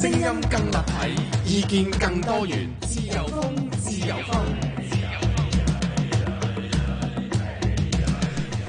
聲音更立體，意見更多元，自由風，自由風，自由風。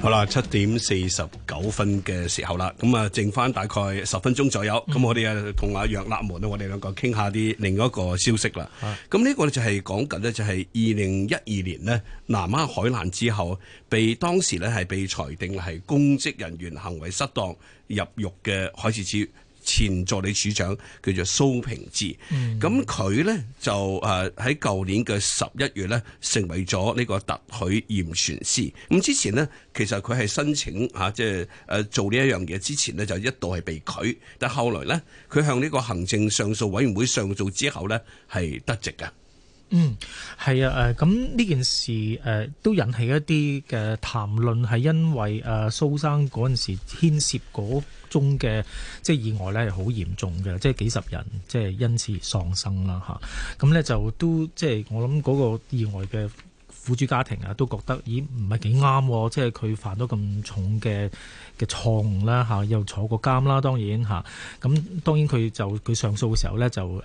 好啦，七點四十九分嘅時候啦，咁啊，剩翻大概十分鐘左右，咁我哋啊同阿楊立門啊，我哋兩個傾下啲另外一個消息啦。咁呢個呢就係講緊咧，就係二零一二年咧，南丫海難之後，被當時咧係被裁定係公職人員行為失當入獄嘅海事處。前助理署長叫做蘇平志，咁佢呢就誒喺舊年嘅十一月呢成為咗呢個特許驗船師。咁之前呢，其實佢係申請嚇即係誒做呢一樣嘢之前呢，就一度係被拒，但後來呢，佢向呢個行政上訴委員會上訴之後呢，係得直嘅。嗯，係啊，誒、嗯，咁呢件事誒、嗯、都引起一啲嘅談論，係因為誒蘇、呃、生嗰陣時牽涉嗰宗嘅即係意外咧，係好嚴重嘅，即係幾十人即係因此而喪生啦，吓、啊，咁、嗯、咧就都即係我諗嗰個意外嘅。苦主家庭啊，都覺得咦唔係幾啱，即係佢犯咗咁重嘅嘅錯誤啦，又坐過監啦，當然咁、啊、當然佢就佢上訴嘅時候咧就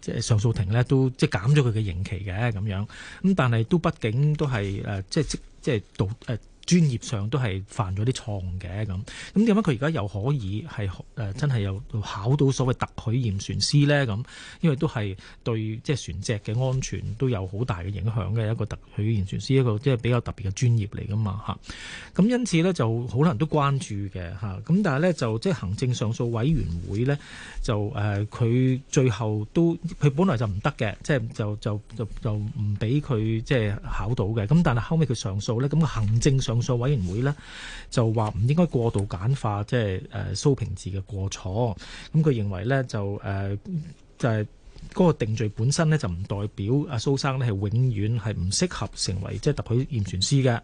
即、呃、上訴庭咧都即係減咗佢嘅刑期嘅咁樣，咁但係都畢竟都係、呃、即係即係賭誒。即專業上都係犯咗啲錯誤嘅咁，咁點解佢而家又可以係誒、呃、真係又考到所謂特許驗船師咧？咁因為都係對即係、就是、船隻嘅安全都有好大嘅影響嘅一個特許驗船師一個即係比較特別嘅專業嚟噶嘛吓，咁因此咧就好多人都關注嘅吓，咁但係咧就即係、就是、行政上訴委員會咧就誒佢、呃、最後都佢本來就唔得嘅，即係就是、就就就唔俾佢即係考到嘅。咁但係後尾佢上訴咧，咁、個、行政上控訴委員會咧就話唔應該過度簡化，即係誒蘇平治嘅過錯。咁佢認為咧就誒、呃、就係、是。嗰、那個定罪本身呢，就唔代表阿蘇生呢，係永遠係唔適合成為即係特許驗船師嘅。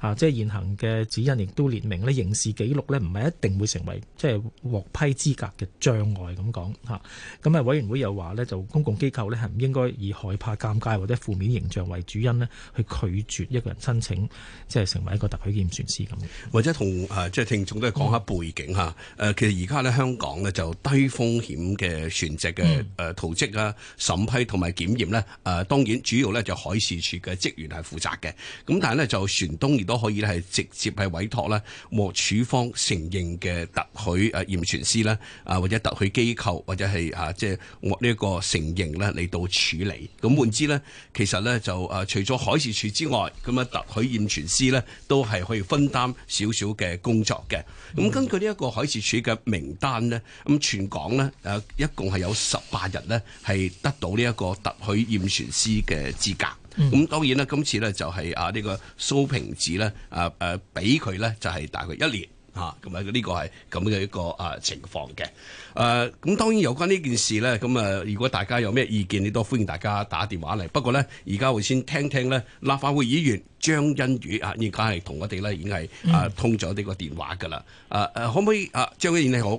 啊，即係現行嘅指引亦都列明呢，刑事記錄呢唔係一定會成為即係獲批資格嘅障礙咁講吓。咁啊，委員會又話呢，就公共機構呢，係唔應該以害怕尷尬或者負面形象為主因呢，去拒絕一個人申請即係成為一個特許驗船師咁。或者同誒，即係聽眾都係講下背景吓。誒、嗯、其實而家呢，香港呢，就低風險嘅船隻嘅誒圖積。嗯 uh, 啊！審批同埋檢驗呢，誒當然主要咧就海事處嘅職員係負責嘅，咁但係呢，就船東亦都可以呢，係直接係委託呢，獲處方承認嘅特許誒驗船師咧，啊或者特許機構或者係啊即係獲呢一個承認呢嚟到處理。咁換之呢，其實呢，就誒除咗海事處之外，咁啊特許驗船師呢，都係可以分擔少少嘅工作嘅。咁根據呢一個海事處嘅名單呢，咁全港呢，誒一共係有十八人呢。係得到呢一個特許驗船師嘅資格，咁、嗯、當然啦，今次呢就係啊呢、呢個蘇平子呢，啊誒俾佢呢就係大概一年嚇，咁啊呢個係咁嘅一個啊情況嘅誒，咁、啊、當然有關呢件事呢，咁啊，如果大家有咩意見，你都歡迎大家打電話嚟。不過呢，而家會先聽聽呢，立法會議員張欣宇啊，而家係同我哋呢已經係啊通咗呢個電話噶啦，啊誒可唔可以啊，啊張欣宇，你好？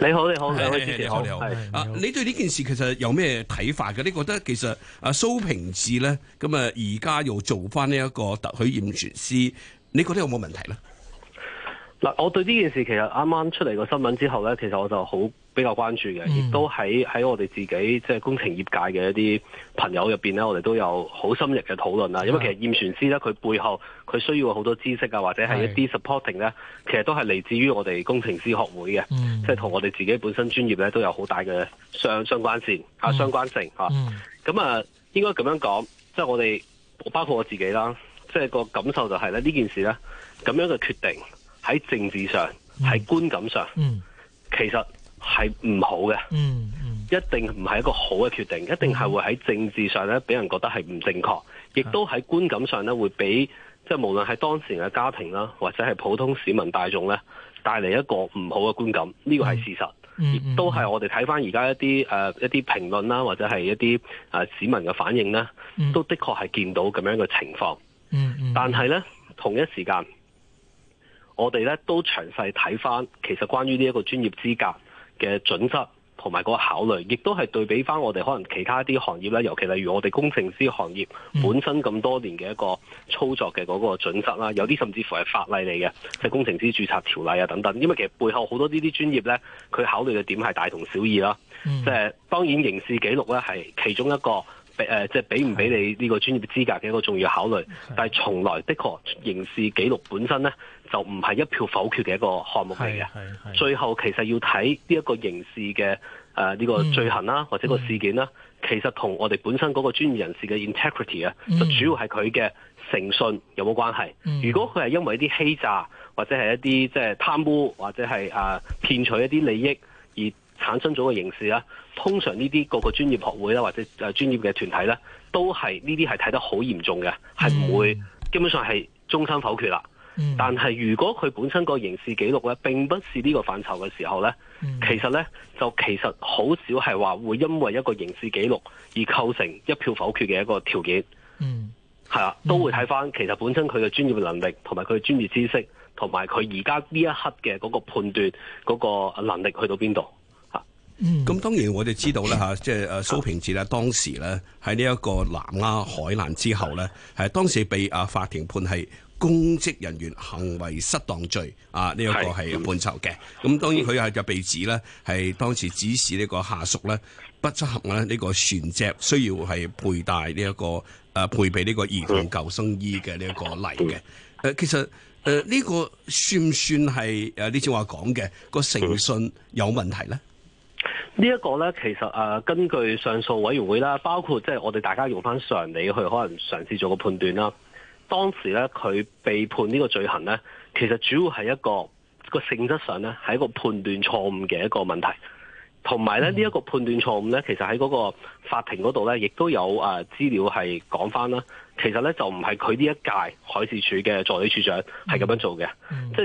你好，你好，係，你好你好，啊，你對呢件事其實有咩睇法嘅？你覺得其實阿蘇平治咧，咁啊而家又做翻呢一個特許驗船師，你覺得有冇問題咧？嗱，我對呢件事其實啱啱出嚟個新聞之後咧，其實我就好。比較關注嘅，亦都喺喺我哋自己即係、就是、工程業界嘅一啲朋友入邊咧，我哋都有好深入嘅討論啦。因為其實驗船師咧，佢背後佢需要好多知識啊，或者係一啲 supporting 咧，其實都係嚟自於我哋工程師學會嘅，即係同我哋自己本身專業咧都有好大嘅相相關性、嗯、啊，相關性吓。咁啊、嗯嗯，應該咁樣講，即、就、係、是、我哋包括我自己啦，即、就、係、是、個感受就係咧呢件事咧咁樣嘅決定喺政治上，喺觀感上，嗯嗯、其實。係唔好嘅，嗯，嗯，一定唔係一個好嘅決定，嗯，一定係會喺政治上咧，俾，嗯、人覺得係唔正確，亦，嗯、都喺觀感上咧，嗯，會俾即係無論係當事人嘅家庭啦，或者係普通市民大眾咧，帶嚟一個唔好嘅觀感。呢個係事實，亦，嗯嗯嗯，都係我哋睇翻而家一啲誒，呃、一啲評論啦，或者係一啲誒，呃、市民嘅反應咧，都的確係見到咁樣嘅情況，嗯嗯嗯。但係咧，同一時間，我哋咧都詳細睇翻，其實關於呢一個專業資格。嘅準則同埋個考慮亦都係對比翻我哋可能其他一啲行業咧，尤其例如我哋工程師行業本身咁多年嘅一個操作嘅嗰個準則啦，有啲甚至乎係法例嚟嘅，即係工程師註冊條例啊等等。因為其實背後好多呢啲專業咧，佢考慮嘅點係大同小異啦。即係當然刑事記錄咧係其中一個。誒、呃，即係俾唔俾你呢個專業資格嘅一個重要考慮，係但係從來的確刑事紀錄本身咧，就唔係一票否決嘅一個項目嚟嘅。最後其實要睇呢一個刑事嘅誒呢個罪行啦、嗯，或者個事件啦、嗯，其實同我哋本身嗰個專業人士嘅 integrity 啊、嗯，就主要係佢嘅誠信有冇關係。嗯、如果佢係因為一啲欺詐或者係一啲即係貪污或者係誒、呃、騙取一啲利益而產生咗個刑事咧，通常呢啲各個專業學會啦，或者誒專業嘅團體咧，都係呢啲係睇得好嚴重嘅，係、嗯、唔會基本上係終身否決啦、嗯。但係如果佢本身個刑事記錄咧，並不是呢個範疇嘅時候咧、嗯，其實咧就其實好少係話會因為一個刑事記錄而構成一票否決嘅一個條件。嗯，係啦，都會睇翻其實本身佢嘅專業能力同埋佢嘅專業知識同埋佢而家呢一刻嘅嗰個判斷嗰、嗰個能力去到邊度。咁、嗯、當然我哋知道咧吓，即係蘇平治咧，當時咧喺呢一個南丫海難之後咧，係當時被啊法庭判係公職人員行為失當罪啊，呢、這、一個係判囚嘅。咁當然佢就被指咧係當時指示呢個下屬咧不執行咧呢個船隻需要係佩戴呢、這、一個配備呢個兒童救生衣嘅呢一個例嘅。其實呢個算唔算係呢你之前話講嘅個誠信有問題咧？這個、呢一個咧，其實誒、呃，根據上訴委員會啦，包括即係我哋大家用翻常理去可能嘗試做個判斷啦。當時咧，佢被判呢個罪行咧，其實主要係一個、這個性質上咧，係一個判斷錯誤嘅一個問題。同埋咧，呢、嗯、一、這個判斷錯誤咧，其實喺嗰個法庭嗰度咧，亦都有誒資、啊、料係講翻啦。其實咧，就唔係佢呢一屆海事處嘅助理處長係咁樣做嘅、嗯嗯。即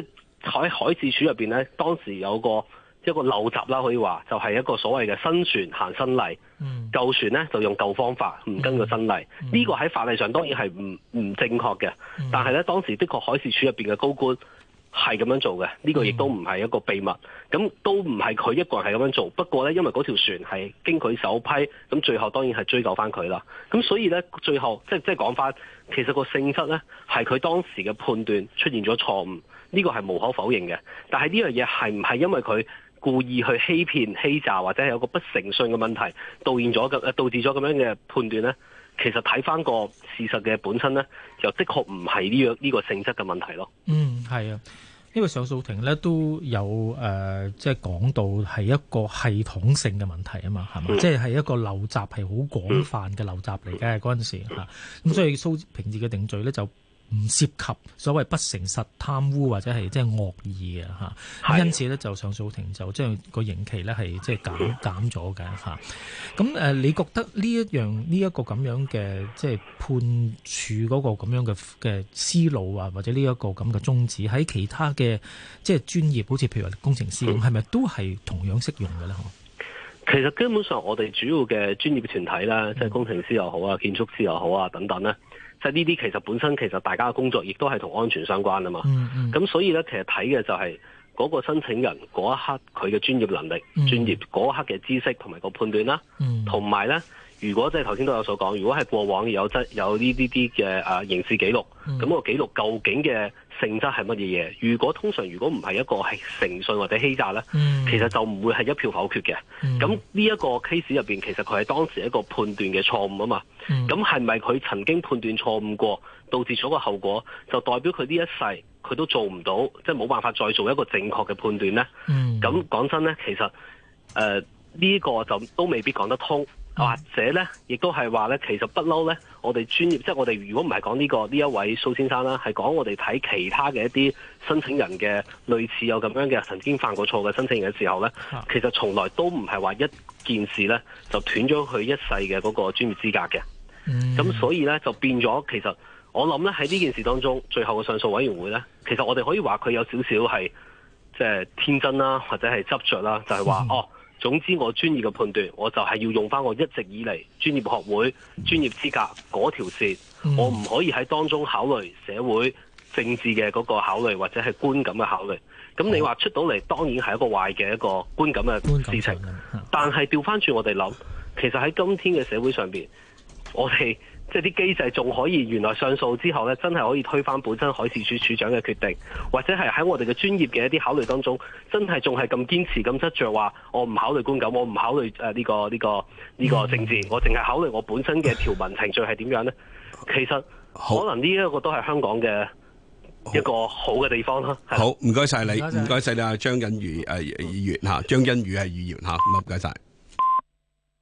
係喺海事處入面咧，當時有個。一個陋習啦，可以話就係、是、一個所謂嘅新船行新例，舊、嗯、船咧就用舊方法，唔跟新、嗯個新例。呢個喺法例上當然係唔唔正確嘅、嗯。但係咧，當時的確海事處入面嘅高官係咁樣做嘅，呢、呢個亦都唔係一個秘密。咁都唔係佢一個人係咁樣做。不過咧，因為嗰條船係經佢首批，咁最後當然係追究翻佢啦。咁所以咧，最後即係即係講翻，其實個性質咧係佢當時嘅判斷出現咗錯誤，呢、呢個係無可否認嘅。但係呢樣嘢係唔係因為佢？故意去欺騙、欺詐或者係有個不誠信嘅問題，導現咗嘅導致咗咁樣嘅判斷咧，其實睇翻個事實嘅本身咧，就的確唔係呢樣呢個性質嘅問題咯。嗯，係啊，因為上訴庭咧都有誒、呃，即係講到係一個系統性嘅問題啊嘛，係嘛、嗯，即係一個陋習係好廣泛嘅陋習嚟嘅，嗰陣時，咁所以蘇平治嘅定罪咧就。唔涉及所謂不誠實、貪污或者係即係惡意嘅嚇，因此咧就上訴庭就將個刑期咧係即係減、嗯、減咗嘅嚇。咁誒，你覺得呢、這、一、個這個、樣呢一個咁樣嘅即係判處嗰個咁樣嘅嘅思路啊，或者呢一個咁嘅宗旨喺其他嘅即係專業，好似譬如話工程師咁，係、嗯、咪都係同樣適用嘅咧？嗬？其實基本上我哋主要嘅專業團體啦，即、就、係、是、工程師又好啊、嗯、建築師又好啊等等咧。即係呢啲其實本身其實大家嘅工作亦都係同安全相關啊嘛，咁、mm-hmm. 所以咧其實睇嘅就係嗰個申請人嗰一刻佢嘅專業能力、專、mm-hmm. 業嗰一刻嘅知識同埋個判斷啦，同埋咧。如果即係頭先都有所講，如果係，過往有質有呢啲啲嘅啊刑事記錄，咁、嗯，個記錄究竟嘅性質係乜嘢嘢？如果通常如果唔係一個係誠信或者欺詐咧，其實就唔會係一票否決嘅。咁呢一個 case 入邊其實佢係當時一個判斷嘅錯誤啊嘛。咁係咪佢曾經判斷錯誤過，導致咗個後果，就代表佢呢一世佢都做唔到，即係冇辦法再做一個正確嘅判斷咧？咁、嗯、講真咧，其實誒呢、呃呢個就都未必講得通。或者咧，亦都係話咧，其實不嬲咧，我哋專業，即係我哋如果唔係講呢個呢一位蘇先生啦，係講我哋睇其他嘅一啲申請人嘅類似有咁樣嘅曾經犯過錯嘅申請人嘅時候咧，啊、其實從來都唔係話一件事咧就斷咗佢一世嘅嗰個專業資格嘅。咁、嗯、所以咧就變咗，其實我諗咧喺呢件事當中，最後嘅上訴委員會咧，其實我哋可以話佢有少少係即係天真啦，或者係執着啦，就係、是、話、嗯、哦。總之，我專業嘅判斷，我就係要用翻我一直以嚟專業學會、嗯、專業資格嗰條線，嗯、我唔可以喺當中考慮社會政治嘅嗰個考慮，或者係觀感嘅考慮。咁你話出到嚟、哦，當然係一個壞嘅一個觀感嘅事情。但係調翻轉我哋諗、哦，其實喺今天嘅社會上面，我哋。即係啲機制仲可以，原來上訴之後咧，真係可以推翻本身海事處處長嘅決定，或者係喺我哋嘅專業嘅一啲考慮當中，真係仲係咁堅持咁執着話，我唔考慮觀感，我唔考慮誒呢個呢個呢個政治，我淨係考慮我本身嘅條文程序係點樣呢。」其實可能呢一個都係香港嘅一個好嘅地方啦。好，唔該晒你，唔該晒你啊張欣宇誒議員嚇，張欣宇係、呃、議員嚇，咁啊唔該晒。謝謝你。